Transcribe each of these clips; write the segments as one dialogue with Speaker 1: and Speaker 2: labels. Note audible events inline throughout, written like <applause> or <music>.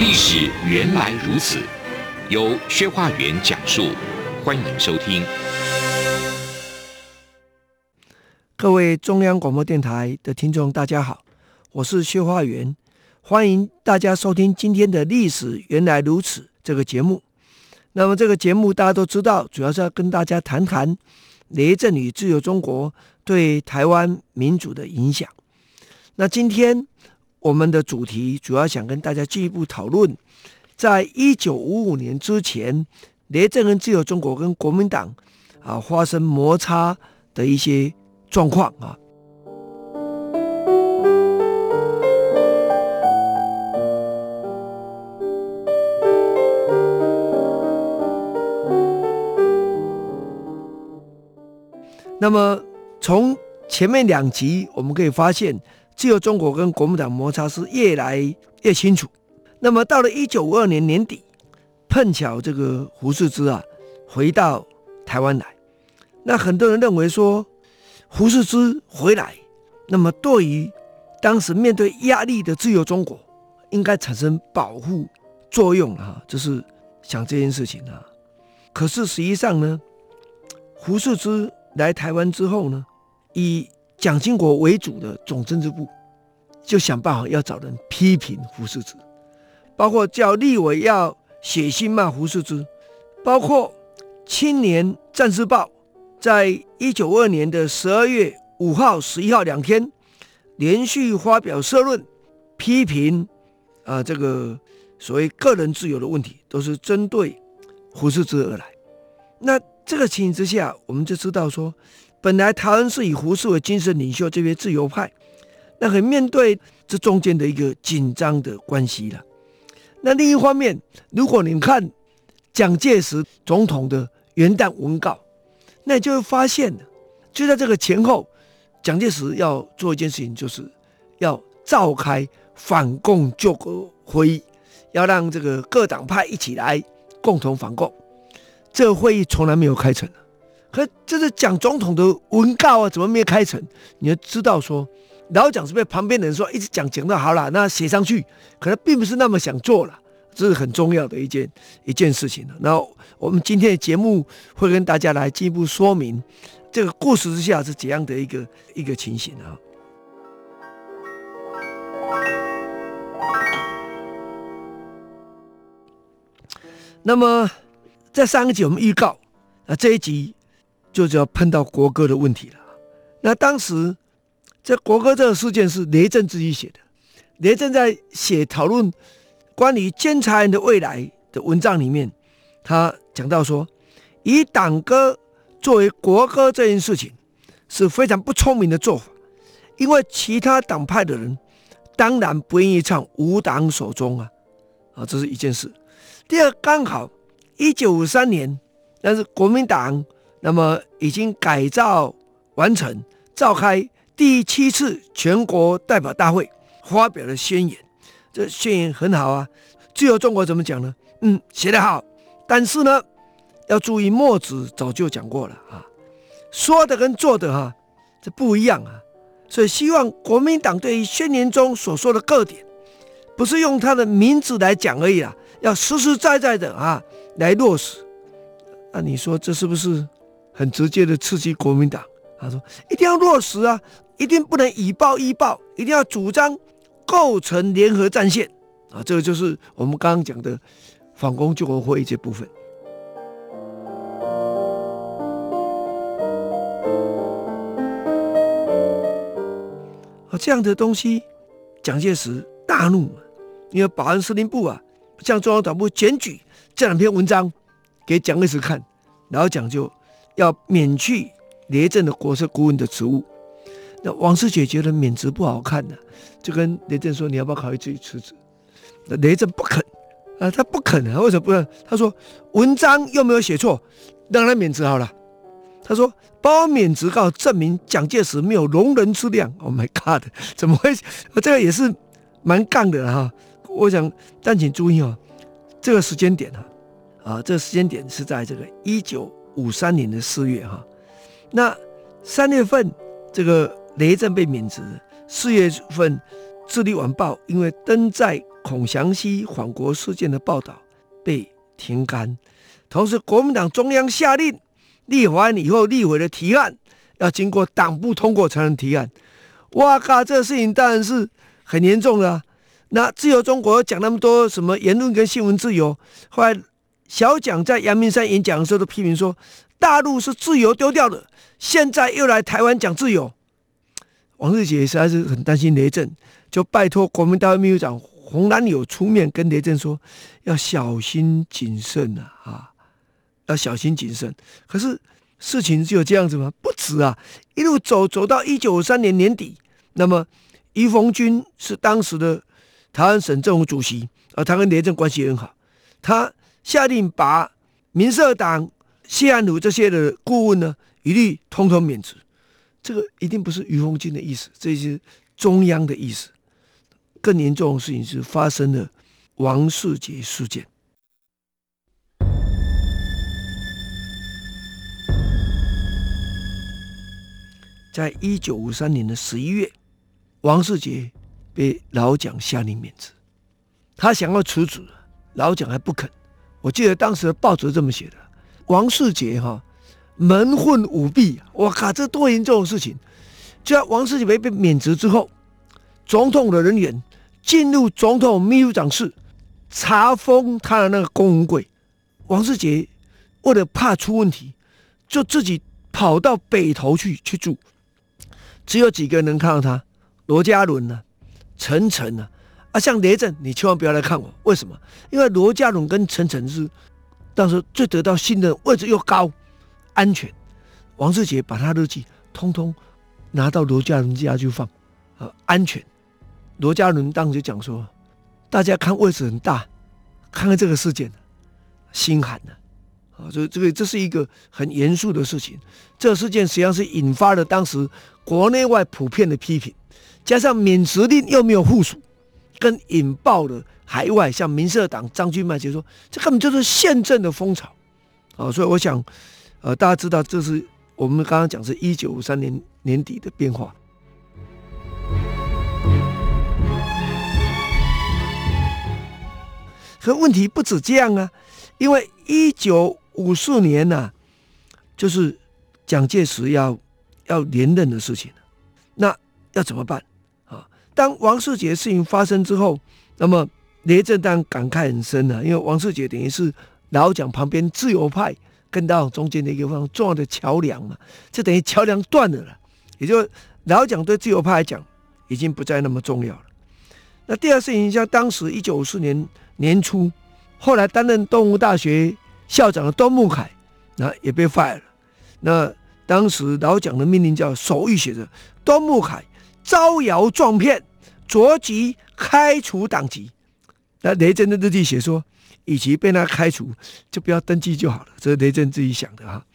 Speaker 1: 歷史原來如此，由薛化元講述，歡迎收聽。各位中央廣播電臺的聽眾，大家好，我是薛化元，歡迎大家收聽今天的歷史原來如此這個節目。那麼這個節目大家都知道，主要是要跟大家談談雷震與自由中國對台灣民主的影響。那今天。我們的主題主要想跟大家進一步討論，在一九五五年之前，雷震與自由中國跟國民黨啊發生摩擦的一些狀況啊。那麼，從前面兩集我們可以發現。自由中國跟國民黨摩擦是越來越清楚。那麼到了一九五二年年底，碰巧這個胡適之啊回到台灣來，那很多人認為說胡適之回來，那麼對於當時面對壓力的自由中國，應該產生保護作用啊，就是想這件事情啊。可是實際上呢，胡適之來台灣之後呢，以蔣經國為主的總政治部就想辦法要找人批評胡適之，包括叫立委要寫信罵胡適之，包括《青年戰士報》在一九二年的十二月五號、十一號兩天連續發表社論批評，啊、呃，這個所謂個人自由的問題都是針對胡適之而來。那這個情形之下，我們就知道說。本來台灣是以胡適為精神領袖，這邊自由派，那很面對這中間的一個緊張的關係了。那另一方面，如果你看蔣介石總統的元旦文告，那你就會發現，就在這個前後，蔣介石要做一件事情，就是要召開反共救國會議，要讓這個各黨派一起來共同反共。這個會議從來沒有開成了。可這是講總統的文告啊，怎麼沒有開成？你要知道說，老蔣是被旁邊的人說一直講講的好了，那寫上去可能並不是那麼想做了，這是很重要的一件一件事情的、啊。那我們今天的節目會跟大家來進一步說明這個故事之下是怎樣的一個一個情形啊。 <music> 那麼在上一集我們預告啊，這一集。就是要碰到國歌的問題了。那當時這國歌這個事件是雷震自己寫的。雷震在寫討論關於監察人的未來的文章裡面，他講到說，以黨歌作為國歌這件事情是非常不聰明的做法，因為其他黨派的人當然不願意唱吾黨所宗啊。啊，這是一件事。第二，剛好一九五三年，那是國民黨。那麼已經改造完成，召開第七次全國代表大會，發表了宣言。這宣言很好啊。自由中國怎麼講呢？嗯，寫得好。但是呢，要注意，墨子早就講過了啊，說的跟做的哈、啊，這不一樣啊。所以希望國民黨對於宣言中所說的各點，不是用他的名字來講而已啊，要實實在在在的啊來落實。那你說這是不是？很直接的刺激國民黨，他說一定要落實啊，一定不能以暴易暴，一定要主張構成聯合戰線啊，這個就是我們剛剛講的反攻救國會這部分啊，這樣的東西，蔣介石大怒，因為保安司令部啊向中央黨部檢舉這兩篇文章給蔣介石看，然後蔣就。要免去雷震的國策顧問的職務，那王世杰覺得免職不好看呢、啊，就跟雷震說：“你要不要考慮自己辭職？”雷震不肯啊，他不肯啊，為什麼不肯？不他說文章又沒有寫錯，讓他免職好了。他說：“包免職告證明蔣介石沒有容人之量。”Oh my god，怎麼會？這個也是蠻槓的哈、啊。我想，但請注意啊、哦，這個時間點啊，啊，這個時間點是在這個一九。五三年的四月哈、啊，那三月份這個雷震被免職，四月份《自立晚報》因為登載孔祥熙返國事件的報道被停刊，同時國民黨中央下令，立法院以後立委的提案要經過黨部通過才能提案。哇靠，這個事情當然是很嚴重的、啊。那自由中國講那麼多什麼言論跟新聞自由，後來。小蔣在陽明山演講的時候都批評說，大陸是自由丟掉了，現在又來台灣講自由。王世杰實在是很擔心雷震，就拜托國民大會秘書長洪蘭友出面跟雷震說，要小心謹慎吶、啊，啊，要小心謹慎。可是事情只有這樣子嗎？不止啊，一路走走到一九五三年年底，那麼余馮軍是當時的台灣省政府主席，而、啊、他跟雷震關係很好，他。下令把民社黨謝安如這些的顧問呢，一律通通免職。這個一定不是俞鴻鈞的意思，這是中央的意思。更嚴重的事情是發生了王世杰事件。在一九五三年的十一月，王世杰被老蔣下令免職。他想要辭職，老蔣還不肯。我記得當時的報紙這麼寫的：王世杰哈、啊，蒙混舞弊，我靠，這多嚴重的事情！就要王世杰被被免職之後，總統的人員進入總統秘書長室查封他的那個公文櫃。王世杰為了怕出問題，就自己跑到北投去去住，只有幾個人能看到他。羅家倫呢、啊？陳誠呢？啊，像雷震，你千萬不要來看我。為什麼？因為羅家倫跟陳誠是當時最得到信任，位置又高，安全。王世杰把他的日記通通拿到羅家倫家去放，啊，安全。羅家倫當時就講說：“大家看位置很大，看看這個事件，心寒的啊！這、啊、所以這個，這是一個很嚴肅的事情。這個事件實際上是引發了當時國內外普遍的批評，加上免職令又沒有副署。”跟引爆的海外，像民社黨張君勱就說：“這根本就是憲政的風潮。哦”啊，所以我想，呃，大家知道，這是我們剛剛講的是一九五三年年底的變化。 <music> 可問題不止這樣啊，因為一九五四年呢、啊，就是蔣介石要要連任的事情，那要怎麼辦？當王世杰的事情發生之後，那麼雷震丹感慨很深啊，因為王世杰等於是老蔣旁邊自由派跟到中間的一個非常重要的橋樑嘛，這等於橋樑斷了了，也就是老蔣對自由派來講已經不再那麼重要了。那第二事情，像當時一九五四年年初，後來擔任東吳大學校長的端木愷，那也被 fire 了。那當時老蔣的命令叫手諭寫着：“端木愷，招搖撞騙。”着急開除黨籍，那雷震的日記寫說，以及被他開除就不要登記就好了，這是雷震自己想的哈。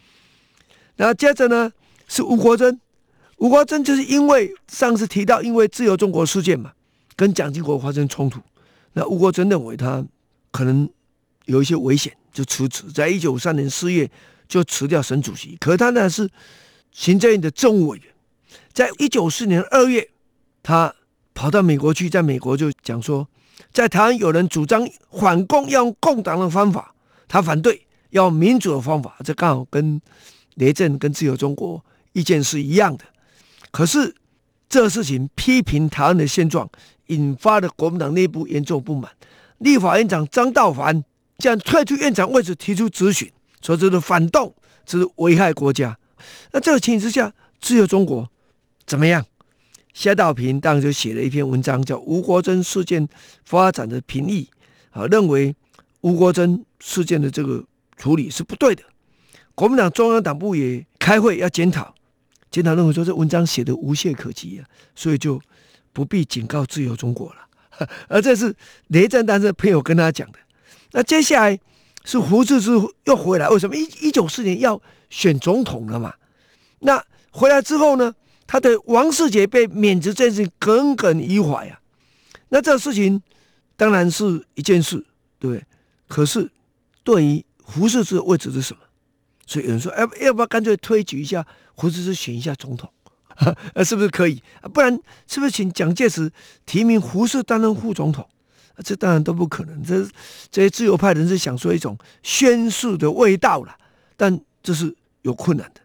Speaker 1: 那接着呢是吳國楨，吳國楨就是因為上次提到因為自由中國事件嘛，跟蔣經國發生衝突，那吳國楨認為他可能有一些危險，就辭職，在一九五三年四月就辭掉省主席，可他呢是行政院的政務委員，在一九四四年二月他。跑到美國去，在美國就講說，在台灣有人主張反共要用共黨的方法，他反對要用民主的方法，這剛好跟雷震跟自由中國意見是一樣的。可是，這個事情批評台灣的現狀，引發了國民黨內部嚴重不滿。立法院長張道藩將退出院長位置，提出質詢，說這是反動，這是危害國家。那這個情形之下，自由中國怎麼樣？夏道平當時就寫了一篇文章，叫《吳國桢事件發展的評議》，啊，認為吳國桢事件的這個處理是不對的。國民黨中央黨部也開會要檢討，檢討認為說這文章寫的無懈可擊啊，所以就不必警告自由中國了。而這是雷震當時的朋友跟他講的。那接下來是胡適之又回來，為什麼？一一九四年要選總統了嘛。那回來之後呢？他對王世杰被免職這件事耿耿於懷啊，那這個事情當然是一件事，對不對？可是對於胡適之位置是什麼？所以有人說，啊、要不要乾脆推舉一下胡適之選一下總統？呃、啊，是不是可以？啊，不然是不是請蔣介石提名胡適擔任副總統？啊、這當然都不可能。這這些自由派人士想說一種宣誓的味道了，但這是有困難的。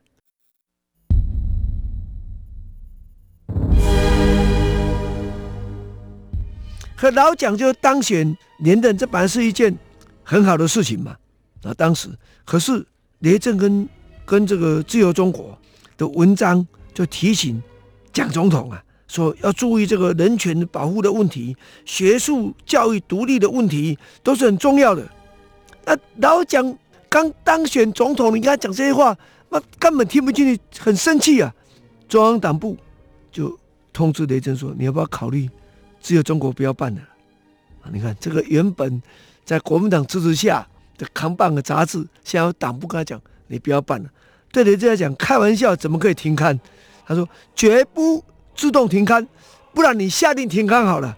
Speaker 1: 可老蔣就當選連任，這本來是一件很好的事情嘛。那當時，可是雷震跟跟這個自由中國的文章就提醒蔣總統啊，說要注意這個人權保護的問題、學術教育獨立的問題，都是很重要的。那老蔣剛當選總統，你跟他講這些話，那根本聽不進去，很生氣啊。中央黨部就通知雷震說：“你要不要考慮？”只有自由中國不要辦了啊！你看這個原本在國民黨支持下的扛棒的雜誌，現在有黨部跟他講：“你不要辦了。”對雷震來講，開玩笑怎麼可以停刊？他說：“絕不自動停刊，不然你下令停刊好了。”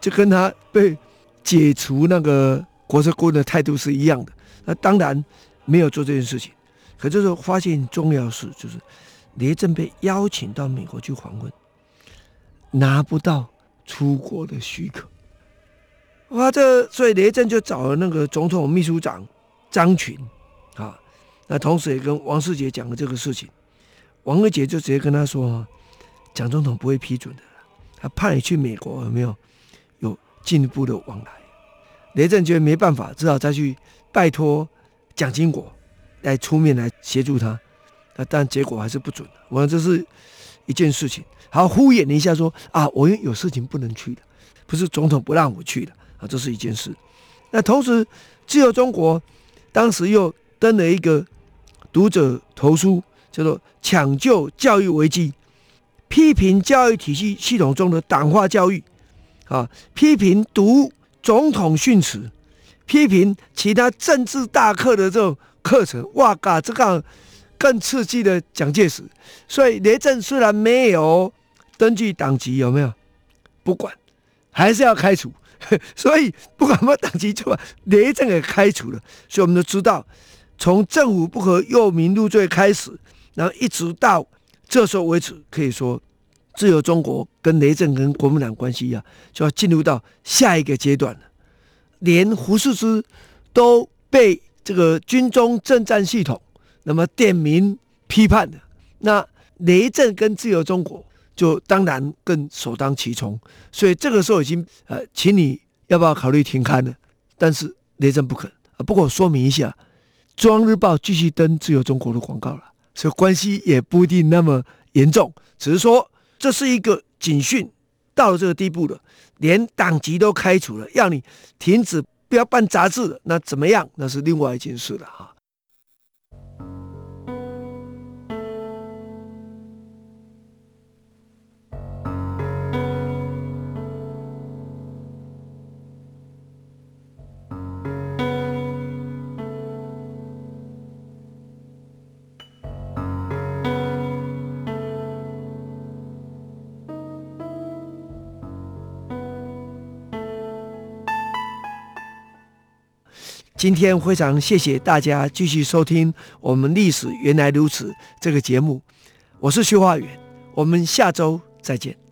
Speaker 1: 就跟他被解除那個國策顧問的態度是一樣的。那當然沒有做這件事情。可這時候發現重要的事就是，雷震被邀請到美國去訪問，拿不到。出國的許可，哇，這個，所以雷震就找了那個總統秘書長張群，啊，那同時也跟王世杰講了這個事情，王世杰就直接跟他說，蔣總統不會批准的，他怕你去美國有沒有，有進一步的往來，雷震覺得沒辦法，只好再去拜托蔣經國來出面來協助他。但結果還是不准的，我這是，一件事情，還敷衍了一下說啊，我有事情不能去的，不是總統不讓我去的啊，這是一件事。那同時，自由中國當時又登了一個讀者投書，叫做《搶救教育危機》，批評教育體系系統中的黨化教育，啊，批評讀總統訓詞，批評其他政治大課的這種課程。哇嘎，這個。更刺激的蔣介石，所以雷震雖然沒有登記黨籍，有沒有？不管，還是要開除。所以不管什麼黨籍就把雷震給開除了。所以我們都知道，從政府不可誘民入罪開始，然後一直到這時候為止，可以說，自由中國跟雷震跟國民黨關係一樣，就要進入到下一個階段了。連胡適之都被這個軍中政戰系統。那麼，點名批判的，那雷震跟自由中國就當然更首當其衝，所以這個時候已經呃、請你要不要考慮停刊呢？但是雷震不肯啊，不過我說明一下，中央日報繼續登自由中國的廣告了，所以關係也不一定那麼嚴重，只是說這是一個警訊，到了這個地步了，連黨籍都開除了，要你停止不要辦雜誌了，那怎麼樣？那是另外一件事了啊。今天非常謝謝大家繼續收聽我們《歷史元來如此》這個節目，我是徐化遠，我們下周再見。